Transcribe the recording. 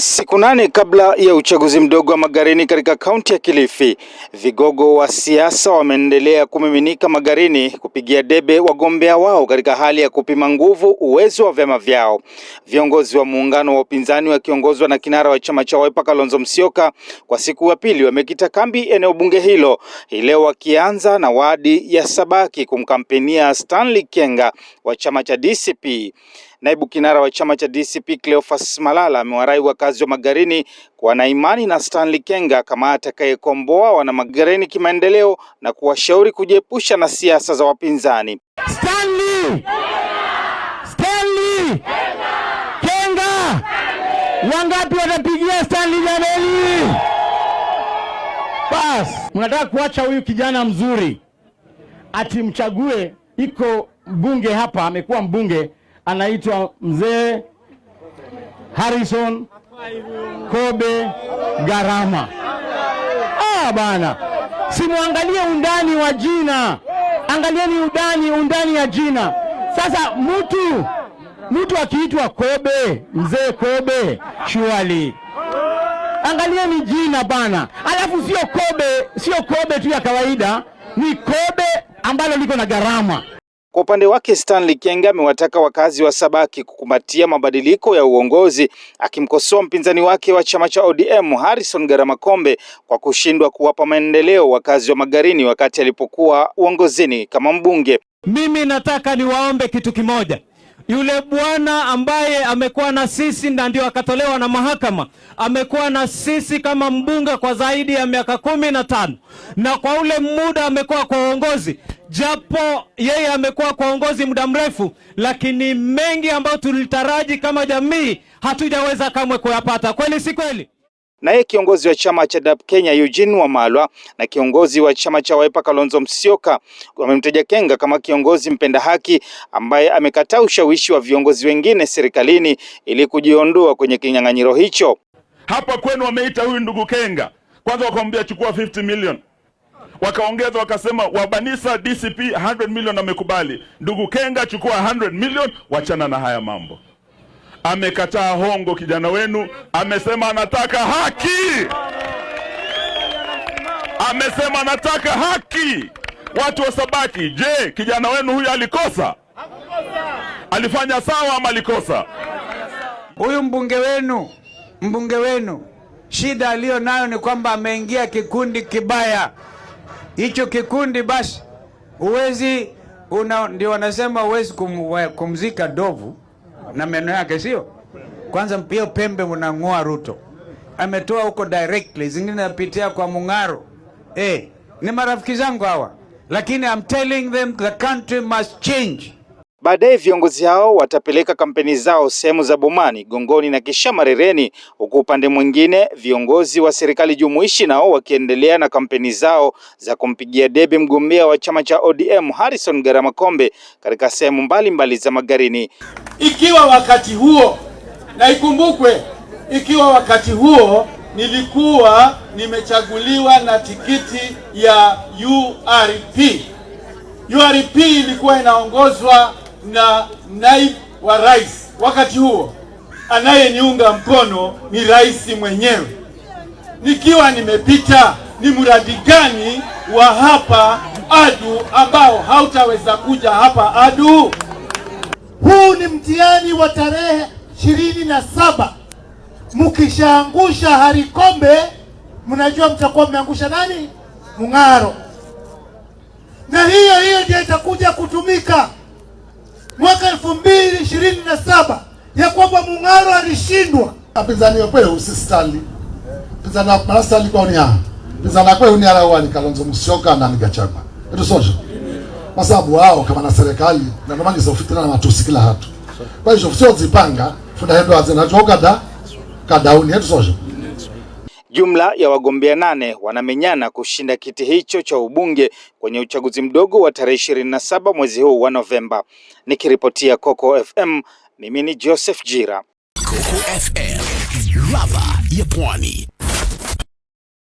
Siku nane kabla ya uchaguzi mdogo wa Magarini katika kaunti ya Kilifi, vigogo wa siasa wameendelea kumiminika Magarini kupigia debe wagombea wao katika hali ya kupima nguvu uwezo wa vyama vyao. Viongozi wa muungano wa upinzani wakiongozwa na kinara wa chama cha Wiper Kalonzo Musyoka, kwa siku ya pili wamekita kambi eneo bunge hilo hii leo, wakianza na wadi ya Sabaki kumkampenia Stanley Kenga wa chama cha DCP. Naibu kinara wa chama cha DCP Cleophas Malala amewarai wakazi wa Magarini kuwa na imani na Stanley Kenga kama atakayekomboa wana Magarini kimaendeleo na kuwashauri kujiepusha na siasa za wapinzani. Stanley! Stanley! Kenga! Wangapi watapigia Stanley Nyabeli? Bas, mnataka kuacha huyu kijana mzuri ati mchague, iko mbunge hapa, amekuwa mbunge anaitwa mzee Harrison Kobe Garama. Ah, bana, simwangalie undani wa jina, angalieni undani undani ya jina. Sasa mtu mtu akiitwa Kobe, mzee Kobe shuali, angalieni jina bana, alafu sio Kobe, sio Kobe tu ya kawaida, ni Kobe ambalo liko na gharama. Kwa upande wake Stanley Kenga amewataka wakazi wa Sabaki kukumbatia mabadiliko ya uongozi, akimkosoa mpinzani wake wa chama cha ODM Harrison Garamakombe kwa kushindwa kuwapa maendeleo wakazi wa Magarini wakati alipokuwa uongozini kama mbunge. Mimi nataka niwaombe kitu kimoja, yule bwana ambaye amekuwa na sisi na ndio akatolewa na mahakama, amekuwa na sisi kama mbunge kwa zaidi ya miaka kumi na tano na kwa ule muda amekuwa kwa uongozi, japo yeye amekuwa kwa uongozi muda mrefu, lakini mengi ambayo tulitaraji kama jamii hatujaweza kamwe kuyapata. Kweli si kweli? Naye kiongozi wa chama cha DAP Kenya Eugene Wamalwa na kiongozi wa chama cha Wiper Kalonzo Musyoka wamemtaja Kenga kama kiongozi mpenda haki ambaye amekataa ushawishi wa viongozi wengine serikalini ili kujiondoa kwenye kinyang'anyiro hicho. Hapa kwenu wameita huyu ndugu Kenga, kwanza wakamwambia chukua 50 million, wakaongeza wakasema Wabanisa DCP 100 million amekubali. Ndugu Kenga chukua 100 million, wachana na haya mambo amekataa hongo kijana wenu, amesema anataka haki, amesema anataka haki, watu wa sabaki Je, kijana wenu huyu alikosa? Alifanya sawa ama alikosa? Huyu mbunge wenu, mbunge wenu shida aliyo nayo ni kwamba ameingia kikundi kibaya. Hicho kikundi basi, huwezi ndio wanasema huwezi kum, kumzika dovu na meno yake, sio kwanza. Mpia pembe unang'oa Ruto, ametoa huko directly, zingine napitia kwa Mung'aro. Eh, ni marafiki zangu hawa, lakini I'm telling them the country must change. Baadaye viongozi hao watapeleka kampeni zao sehemu za Bomani, Gongoni na kisha Marereni, huku upande mwingine viongozi wa serikali jumuishi nao wakiendelea na kampeni zao za kumpigia debe mgombea wa chama cha ODM Harrison Garama Kombe katika sehemu mbalimbali za Magarini. Ikiwa wakati huo, na ikumbukwe, ikiwa wakati huo nilikuwa nimechaguliwa na tikiti ya URP. URP ilikuwa inaongozwa na naibu wa rais wakati huo anayeniunga mkono ni rais mwenyewe. Nikiwa nimepita ni mradi gani wa hapa Adu ambao hautaweza kuja hapa Adu? Huu ni mtihani wa tarehe ishirini na saba. Mkishaangusha Harikombe, mnajua mtakuwa mmeangusha nani? Mung'aro, na hiyo hiyo ndio itakuja kutumika mwaka elfu mbili ishirini na saba ya kwamba Mung'aro alishindwa. apinzani wekwele usistali pinzani akumarasitali kwaonia pinzani akweuniaraani Kalonzo Musyoka na Gachagua etu soja kwa sababu wao kama na serikali na kama ni sofitana na matusi kila hatu kwa hiyo sio zipanga funda hendo azina toka kadauni etu soja Jumla ya wagombea nane wanamenyana kushinda kiti hicho cha ubunge kwenye uchaguzi mdogo wa tarehe ishirini na saba mwezi huu wa Novemba. Nikiripotia Coco FM, mimi ni Joseph Jira, Coco FM, ladha ya Pwani.